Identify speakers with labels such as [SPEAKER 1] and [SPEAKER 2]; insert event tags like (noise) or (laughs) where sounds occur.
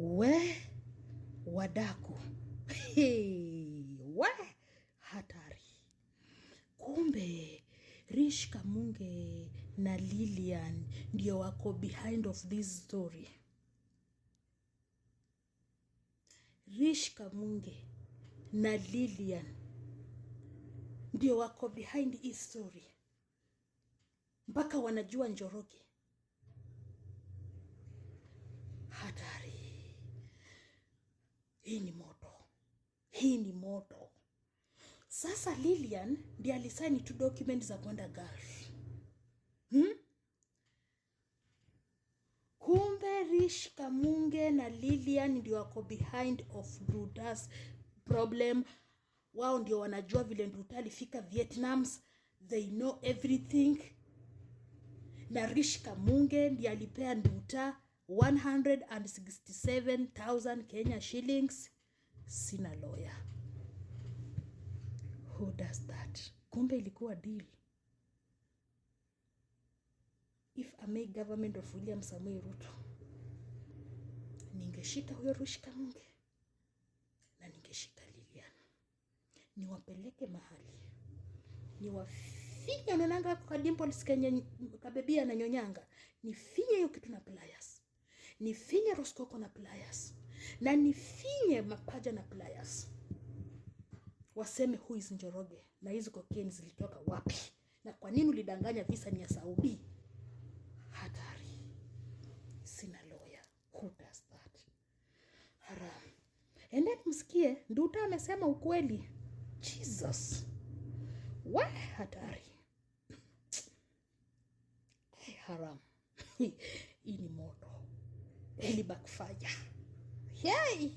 [SPEAKER 1] we wadaku hey, we hatari kumbe Rish Kamunge na Lilian ndio wako behind of this story. Rish Kamunge na Lilian ndio wako behind hii story, mpaka wanajua Njoroge. Hatari. Hii ni moto, hii ni moto. Sasa Lilian ndiye alisaini tu document za kwenda Gulf. Hmm? Kumbe Rish Kamunge na Lilian ndio wako behind of Nduda's problem. Wao ndio wanajua vile Nduda alifika Vietnam, they know everything. Na Rish Kamunge ndiye alipea nduta 167,000 Kenya shillings. Sina lawyer. Who does that? Kumbe ilikuwa deal. If I make government of William Samoei Ruto, ningeshika huyo Rushika Munge na ningeshika Lilian, niwapeleke mahali niwafinya kwa kadimpols kenye kabebia na nyonyanga, nifinye hiyo kitu na nifinye roskoko na pliers na nifinye mapaja na pliers, waseme who is Njoroge na hizo cocaine zilitoka wapi na kwa nini ulidanganya visa ni ya Saudi? Hatari, sina lawyer who does that. Haram, ende msikie Nduta amesema ukweli. Jesus, wa hatari. Hey, haram (laughs) hii ni moto ili backfire. Yay!